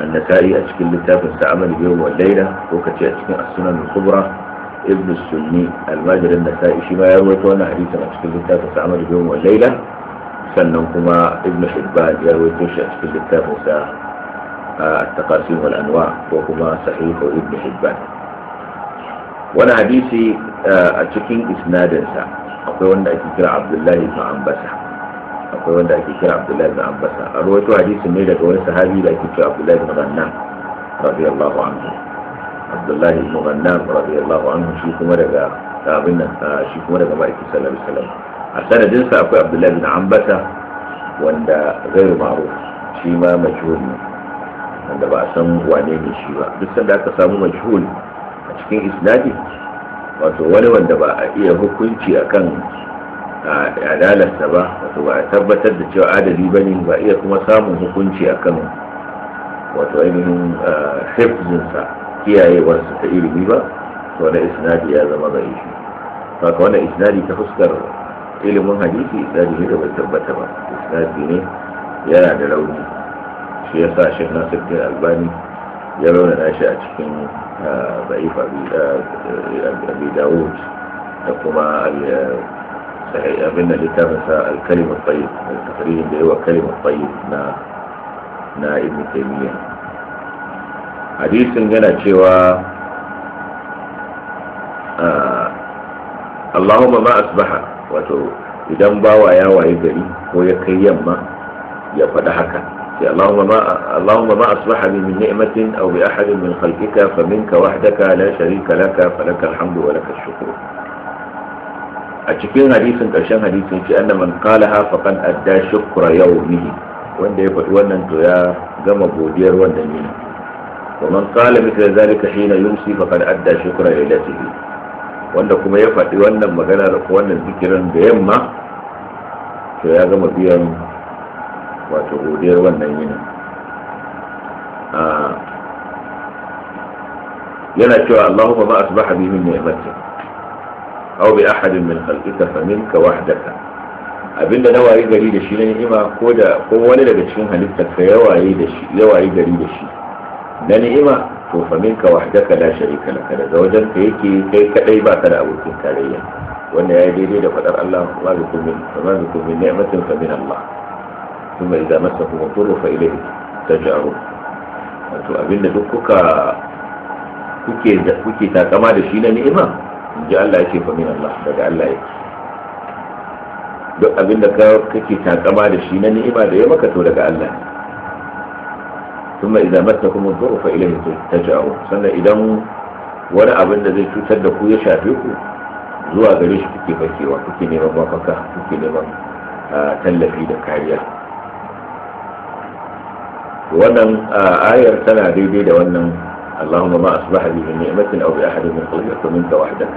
annasa'i a cikin littafin sa amal yawm wal ko kace a cikin as-sunan al-kubra ibn sunni al-majid an-nasa'i shi ma ya rawaito wannan hadisin a cikin littafin sa amal yawm wal sannan kuma ibn hibban ya rawaito shi a cikin littafin sa at-taqasim anwa ko kuma sahih ibn hibban wani hadisi a cikin isnadinsa akwai wanda ake kira abdullahi ibn akwai wanda ake kira abdullahi bin abbas a rawaito hadisi ne daga wani sahabi da ake kira abdullahi bin ghannan radiyallahu anhu abdullahi bin ghannan radiyallahu anhu shi kuma daga abin nan shi kuma daga ma'aikin sallallahu alaihi wasallam a sa akwai abdullahi bin ambata wanda zai maru. shi ma majhul ne wanda ba a san wane ne shi ba duk sanda aka samu majhul a cikin isnadi wato wani wanda ba a iya hukunci akan a lalasta ba wato ba a tabbatar da cewa adali ba ne ba iya kuma samun hukunci a kan wato ainihin hifzinsa kiyayewarsa ta ilimi ba to wani isnadi ya zama gari shi haka wani isnadi ta fuskar ilimin hadisi isnadi ne da bai tabbata ba isnadi ne yana da rauni shi ya sa shi nasiruddin albani ya na shi a cikin ba'if abi dawud da kuma يقبلنا اللي كانت الكلمة الطيب التقرير اللي هو كلمة طيب نا نا ابن تيمية حديث قلنا شوى آه، اللهم ما أصبح وتو إذا مبا ويا ويبري ويقيم ما يفدحك يا اللهم ما اللهم ما أصبح لي من نعمة أو بأحد من خلقك فمنك وحدك لا شريك لك فلك الحمد ولك الشكر a cikin hadisin karshen hadisin ce anna man qalaha faqad adda shukra yawmihi wanda ya faɗi wannan to ya gama godiyar wannan ne Kuma man qala mithla zalika hina yumsi faqad adda shukra lailatihi wanda kuma ya faɗi wannan magana da wannan zikirin da yamma to ya gama biyan wato godiyar wannan yini ah, yana cewa Allahumma ma asbaha bi min ni'matika aw bi ahadin min khalqika fa wahdaka abinda na wayi gari da shi na ni'ima ko da ko wani daga cikin halittar ka yawayi gari da na ni'ima to fa minka wahdaka la sharika laka daga wajen ka yake kai kadai ba ka da abokin tarayya wanda ya yi daidai da faɗar Allah ma ma min Allah ثم إذا مسكم الضر فإليه تجأرون wato abinda duk kuke takama da shi na ni'ima ji Allah yake fa min Allah daga Allah yake duk abin da kake takama da shi na ni'ima da ya maka to daga Allah kuma idan matakum dhurru fa ta taj'u sannan idan wani abin da zai cutar da ku ya shafe ku zuwa gare shi kuke bakewa kuke neman mafaka kuke neman tallafi da kariya wannan ayar tana daidai da wannan اللهم ما أصبح بي من نعمة أو بأحد من منك وحدك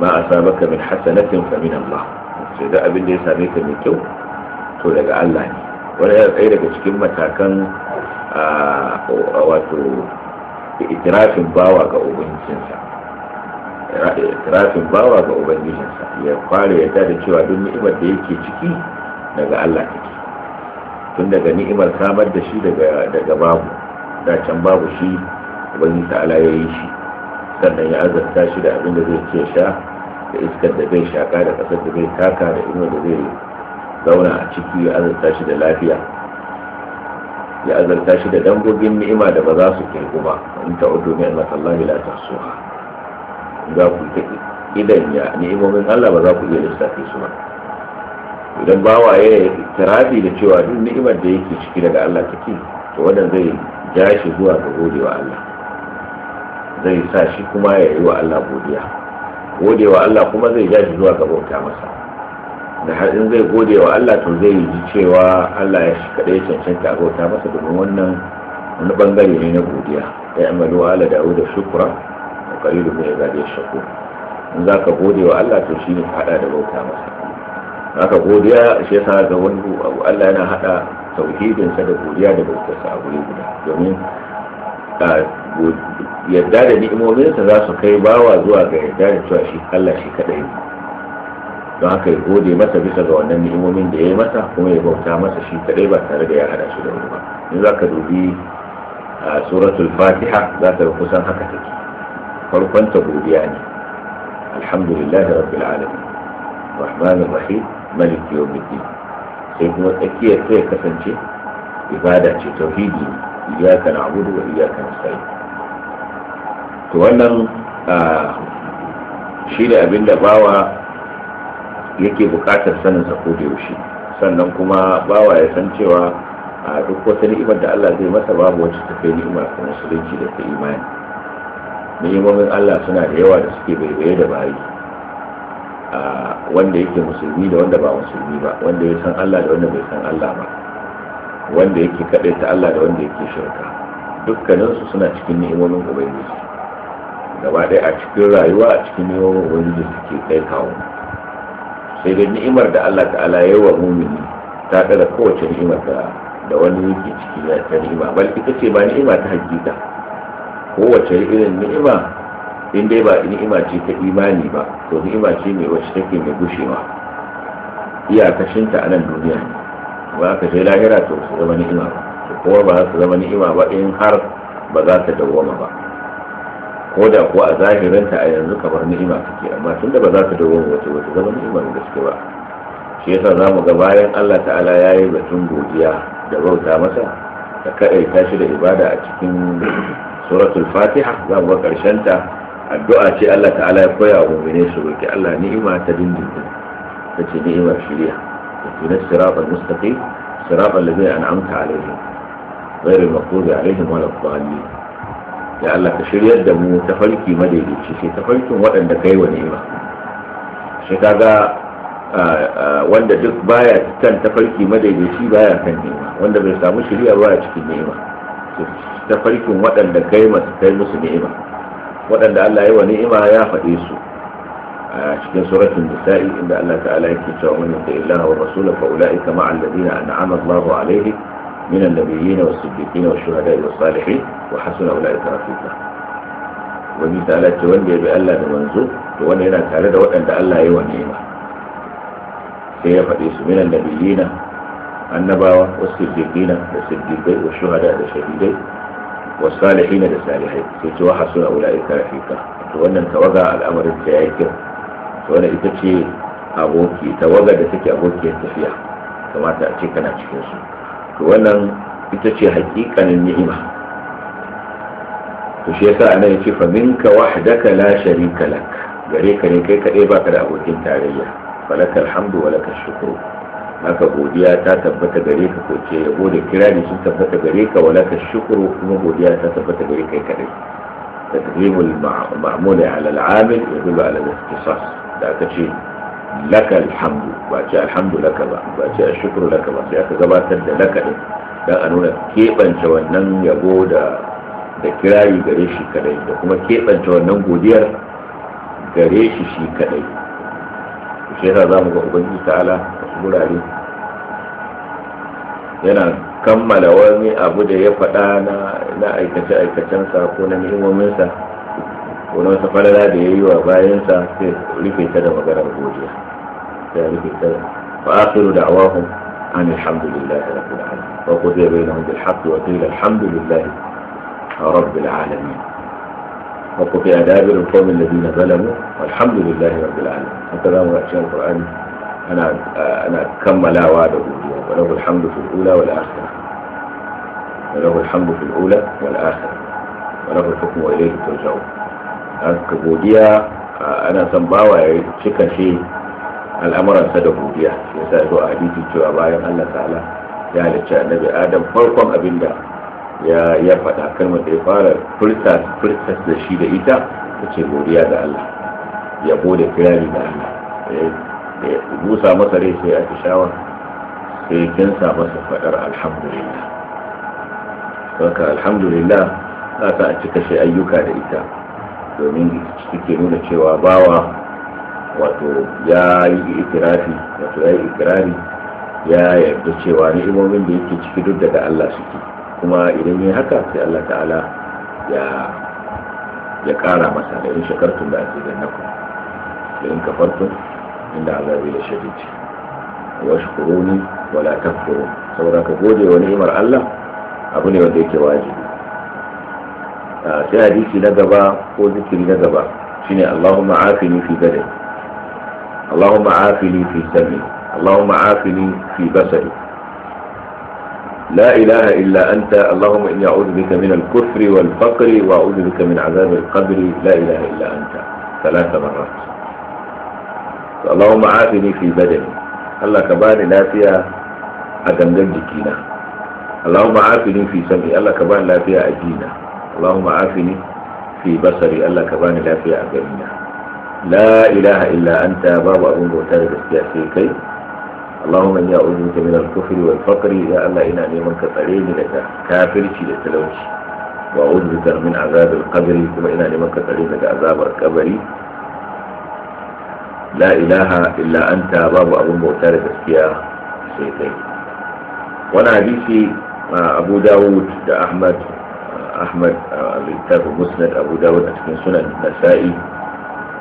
ما أصابك من حسنة فمن الله سيدا أبن ليس عليك من كو تولد الله ولا يبقى لك شكمة كان wato itirafin bawa ga ubangijinsa itirafin bawa ga ubangijinsa ya fara yadda da cewa duk ni'imar da yake ciki daga Allah tun daga ni'imar samar da shi daga babu da can babu shi wani ta'ala ya yi shi sannan ya azarta shi da abin da zai ce sha da iskar da zai shaka da ƙasar da zai taka da inuwar da zai zauna a ciki ya azarta shi da lafiya ya azarta shi da dangogin ni'ima da ba za su ke kuma in ta udu ne Allah sallahi la tahsuha za ku ta idan ya ni'imomin Allah ba za ku iya lissafi su ba idan ba ya yi da cewa duk ni'imar da yake ciki daga Allah take to wannan zai ja shi zuwa ga godewa Allah zai sa shi kuma ya yi wa Allah godiya gode wa Allah kuma zai ja shi zuwa ga bauta masa da har in zai gode wa Allah to zai ji cewa Allah ya shi kaɗai cancanta a bauta masa domin wannan wani bangare ne na godiya ya amalu wa ala da da shukura da mai min ibadiy shakur in zaka gode wa Allah to shine ne hada da bauta masa haka godiya shi yasa ga wani Allah yana hada tauhidinsa da godiya da bautarsa a guri guda domin yadda da ni'imominsa za su kai bawa zuwa ga yadda da cewa shi Allah shi kadai don haka ya gode masa bisa ga wannan ni'imomin da ya yi masa kuma ya bauta masa shi kadai ba tare da ya hada shi da wani ba in za ka dubi a suratul fatiha za ka ga kusan haka take farkon ta godiya ne alhamdulillah rabbil alamin rahmanir rahim malik yawmiddin sai kuma tsakiyar ta ya kasance ibada ce tauhidi ne iyyaka na'budu wa na sai to wannan shi ne abin da bawa yake bukatar sanin sa da yaushe sannan kuma bawa ya san cewa a duk wata ni'imar da Allah zai masa babu wacce ta kai ni'imar ta musulunci da ta imani ni'imomin Allah suna da yawa da suke baibaye da bayi wanda yake musulmi da wanda ba musulmi ba wanda ya san Allah da wanda bai san Allah ba wanda yake ta Allah da wanda yake shirka dukkaninsu suna cikin ni'imomin ubangiji gaba ɗaya a cikin rayuwa a cikin ni'imomin ubangiji suke kai kawo sai dai ni'imar da Allah ta'ala ya wa mumini ta ɗaga kowace ni'imar da da wani yake ciki na ta ni'ima bal ita ce ba ni'ima ta hakika kowace irin ni'ima in dai ba ni'ima ce ta imani ba to ni'ima ce ne wacce take mai gushewa iyakashinta a nan duniya ne ba ka je lahira to su zama ni'ima ba kuma ba za su zama ni'ima ba in har ba za ta dawoma ba ko da kuwa a zahirinta a yanzu kamar ni'ima take amma tunda ba za ta dawoma wace wace zama ni'ima da gaske ba shi yasa za mu ga bayan Allah ta'ala ya yi batun godiya da bauta masa da kaɗaita shi da ibada a cikin suratul fatiha za mu ga ta addu'a ce Allah ta'ala ya koya wa mummune su roƙi Allah ni'ima ta dindindin ta ce ni'imar shirya اهدنا الصراط المستقيم صراط الذين أنعمت عليهم غير المغضوب عليهم ولا الضالين ya Allah ka shiryar da mu ta farki madaidaici waɗanda kai wa nema shi wanda duk baya kan ta madaidaici baya kan nema wanda bai samu shirya baya cikin nema ta waɗanda kai musu nema waɗanda Allah ya wa ni'ima ya faɗe su شكل سورة النساء إن الله تعالى يكتشف من يطيع الله والرسول فأولئك مع الذين أنعم الله عليه من النبيين والصديقين والشهداء والصالحين وحسن أولئك رفيقا ومن تعالى تولي بألا بمنزوب تولي هنا تعالى دوت أن ألا يوانيما هي فديس من النبيين النبوة والصديقين والصديقين والشهداء والشهيدين والصالحين والصالحين في توحسن أولئك رفيقا وأن توضع الأمر التعيكر wani ita ce aboki da take abokiyar tafiya kamata a ce kana cikin su to wannan ita ce hakikanin ni'ima to shi yasa anan yace fa minka wahdaka la sharika lak gare ka ne kai kadai baka da abokin tarayya falaka alhamdu wa laka shukru haka godiya ta tabbata gare ka ko ce yabo da kirari sun tabbata gare ka wa laka shukru kuma godiya ta tabbata gare kai kadai تقديم المعمول على العامل يدل على الاختصاص da aka ce laka alhamdu ba ce alhamdu laka ba ba ce shukuru laka ba sai aka gabatar da laka din dan a nuna keɓance wannan yabo da da kirari gare shi kadai da kuma keɓance wannan godiyar gare shi shi kadai shi yasa zamu ga ubangiji ta'ala wasu wurare yana kammala wani abu da ya faɗa na aikace-aikacensa ko na ni'imominsa wani wata falala da ya yi wa bayansa sai rufe ta da magana godiya sai rufe ta fa akhiru da'awahum an alhamdulillahi rabbil alamin wa qul qudiya bainahum bil haqq wa qila alhamdulillahi rabbil alamin wa qudiya dabir al qawmi alladhina zalamu walhamdulillahi rabbil alamin haka zamu ga cikin qur'ani ana ana kammalawa da godiya wa lahu alhamdu fil ula wal akhir wa lahu alhamdu fil ula wal akhir wa lahu al hukmu wa ilayhi turja'un aka godiya ana san bawa ya cika shi al'amuransa da godiya shi yasa zo a hadisi cewa bayan Allah ta'ala ya halicci annabi Adam farkon abin da ya ya faɗa kalma da ya fara furta furta da shi da ita tace godiya da Allah ya bude kirari da Allah ya busa masa rai sai a tishawa sai kinsa masa faɗar alhamdulillah saka alhamdulillah za a cika shi ayyuka da ita domin suke nuna cewa bawa wato ya yi ikirafi wato ya yi ikirari ya yarda cewa ni'imomin da yake ciki duk daga Allah suke kuma idan yi haka sai Allah ta'ala ya ya kara masa da yin shakartun da ake da naku da in kafartun inda Allah zai da shadidi wa shukuruni wala takfurun saboda ka gode wa ni'imar Allah abu ne wanda yake wajibi sai hadisi na gaba ko اللهم عافني في shine اللهم عافني في سمي اللهم عافني في sami لا إله إلا أنت اللهم إني أعوذ بك من الكفر والفقر وأعوذ بك من عذاب القبر لا إله إلا أنت ثلاث مرات اللهم عافني في بدني الله كباني لافيا أجنجن جكينا اللهم عافني في سمعي الله كباني فيها أجينا اللهم عافني في بصري الله كباني لا في أقلنا لا إله إلا أنت باب أبو بوتار بسياسي كي اللهم إني أعوذ بك من الكفر والفقر يا الله إنا نيمن كفرين لك كافر شي لتلوش وأعوذ بك من عذاب القبر كما إنا نيمن كفرين لك عذاب القبر لا إله إلا أنت باب أبو بوتار بسياسي كي وانا حديثي أبو داود دا أحمد ahmad a littafin musnad abu dawud a cikin sunan nasa'i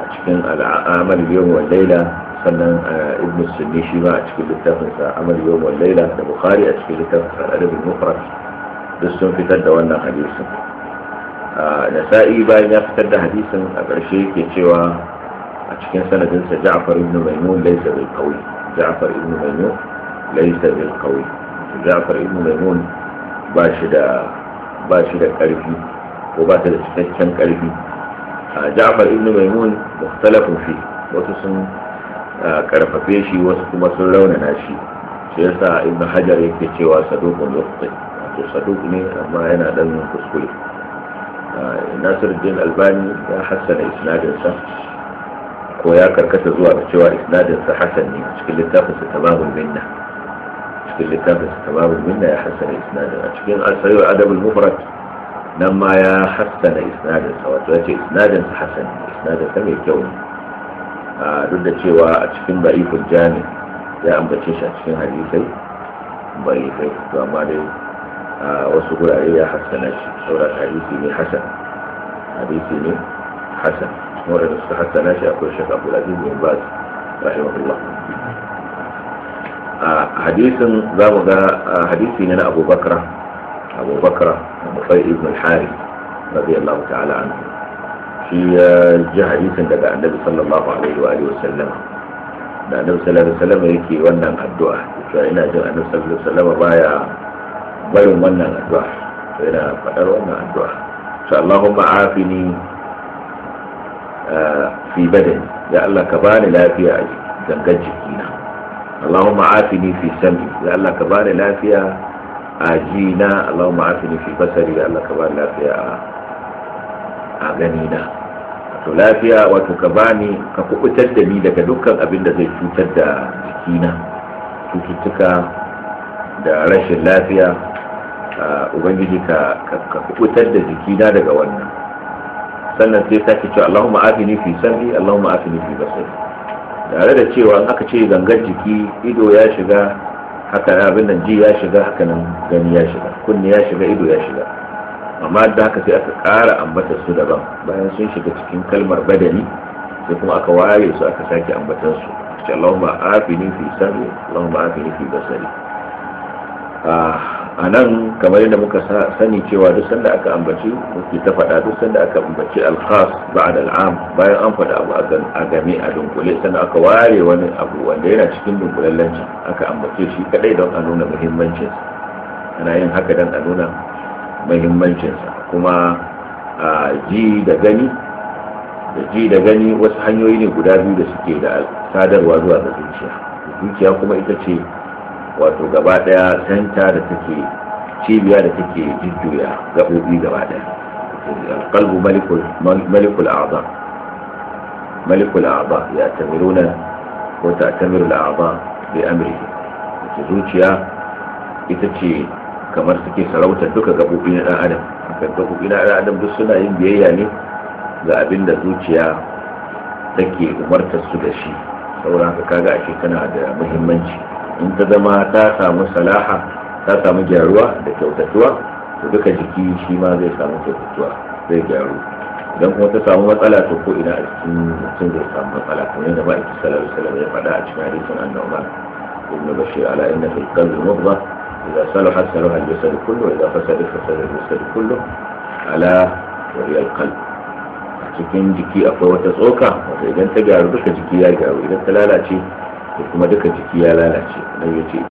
a cikin al'amal yawm wal laila sannan ibn sunni shi ma a cikin littafin sa amal yawm wal laila da bukhari a cikin littafin sa al-adab duk sun fitar da wannan hadisin nasa'i bayan ya fitar da hadisin a ƙarshe yake cewa a cikin sanadinsa ja'far ibn maimun laysa bil qawi ja'far ibn maimun laysa bil qawi ja'far ibn maimun ba shi da ba shi da ƙarfi ko ba ta da cikakken ƙarfi ja'far ibn maimun mukhtalafun fi wasu sun karfafe shi wasu kuma sun raunana shi shi yasa ibn hajar yake cewa saduqun yukhti wato saduq ne amma yana dan kuskure din albani ya hassana isnadinsa ko ya karkata zuwa da cewa isnadinsa hasan ne cikin littafinsa tamamul minna cikin littafin tamamul minna ya hassana isnadin a cikin asayar adabul mufrad nan ma ya hassana isnadin sa wato yace isnadin sa hasan isnadin sa mai kyau duk da cewa a cikin da'iful jami ya ambace shi a cikin hadisai da'ifai to amma dai wasu gurare ya hassana akwai a hadisin za mu ga hadisi ne na abubakar abubakar mufai ibn al-hari radiyallahu ta'ala anhu shi ya ji hadisin daga annabi sallallahu alaihi wa alihi wa sallam da annabi sallallahu alaihi wa sallam yake wannan addu'a cewa ina jin annabi sallallahu alaihi wa sallam baya barin wannan addu'a to Ina faɗar wannan addu'a to Allahumma afini fi badani ya Allah ka bani lafiya a gangan jikina Allahumma afini fi sami ya Allah ka bani lafiya a jina Allahumma afini fi basari ya Allah ka bani lafiya a gani na to lafiya wato ka bani ka kubutar da ni daga dukkan abin da zai cutar da jikina cututtuka da rashin lafiya ubangiji ka kubutar da jikina daga wannan sannan sai sake cewa Allahumma afini fi sami Allahumma afini fi basari tare da cewa aka ce gangar jiki ido ya shiga haka abin nan ji ya shiga haka nan gani ya shiga kunni ya shiga ido ya shiga amma da haka sai aka kara ambatar su daban bayan sun shiga cikin kalmar badani sai kuma aka ware su aka sake ambatar su ce Allahumma afini fi sami Allahumma afini fi basari ah. a nan kamar yadda muka sani cewa duk sanda aka ambaci mafi ta faɗa duk sanda aka ambaci alkhas ba'ad al'am bayan an faɗa abu a game a dunkule sanda aka ware wani abu wanda yana cikin dunkulallanci aka ambace shi kadai don a nuna muhimmancinsa ana yin haka don a nuna muhimmancinsa kuma a ji da gani da ji da gani wasu hanyoyi ne guda biyu da suke da sadarwa zuwa ga zuciya zuciya kuma ita ce wato gaba daya santa da take cibiya da take jujjuya gabobi gaba daya alqalbu malikul malikul a'za malikul a'za ya tamiruna wa ta'tamiru al'a'za bi amrihi zuciya ita ce kamar suke sarauta duka gabobi na dan adam gabobi na dan adam duk suna yin biyayya ne ga abin da zuciya take umartar su da shi saboda haka kaga ashe tana da muhimmanci in ta zama ta samu salaha ta samu gyaruwa da kyautatuwa to duka jiki shi ma zai samu kyautatuwa zai gyaru idan kuma ta samu matsala to ko ina a cikin mutum zai samu matsala Kuma yadda ma'aikin sallallahu alaihi wasallam ya faɗa a cikin hadisin annabi Umar ibn Bashir ala inna fil qalbi mubghah إذا صلح صلح الجسد كله وإذا فسد فسد الجسد كله على وهي القلب cikin jiki akwai wata tsoka wata idan ta gyaru duka jiki ya gyaru idan ta lalace kuma duka jiki ya lalace nan ya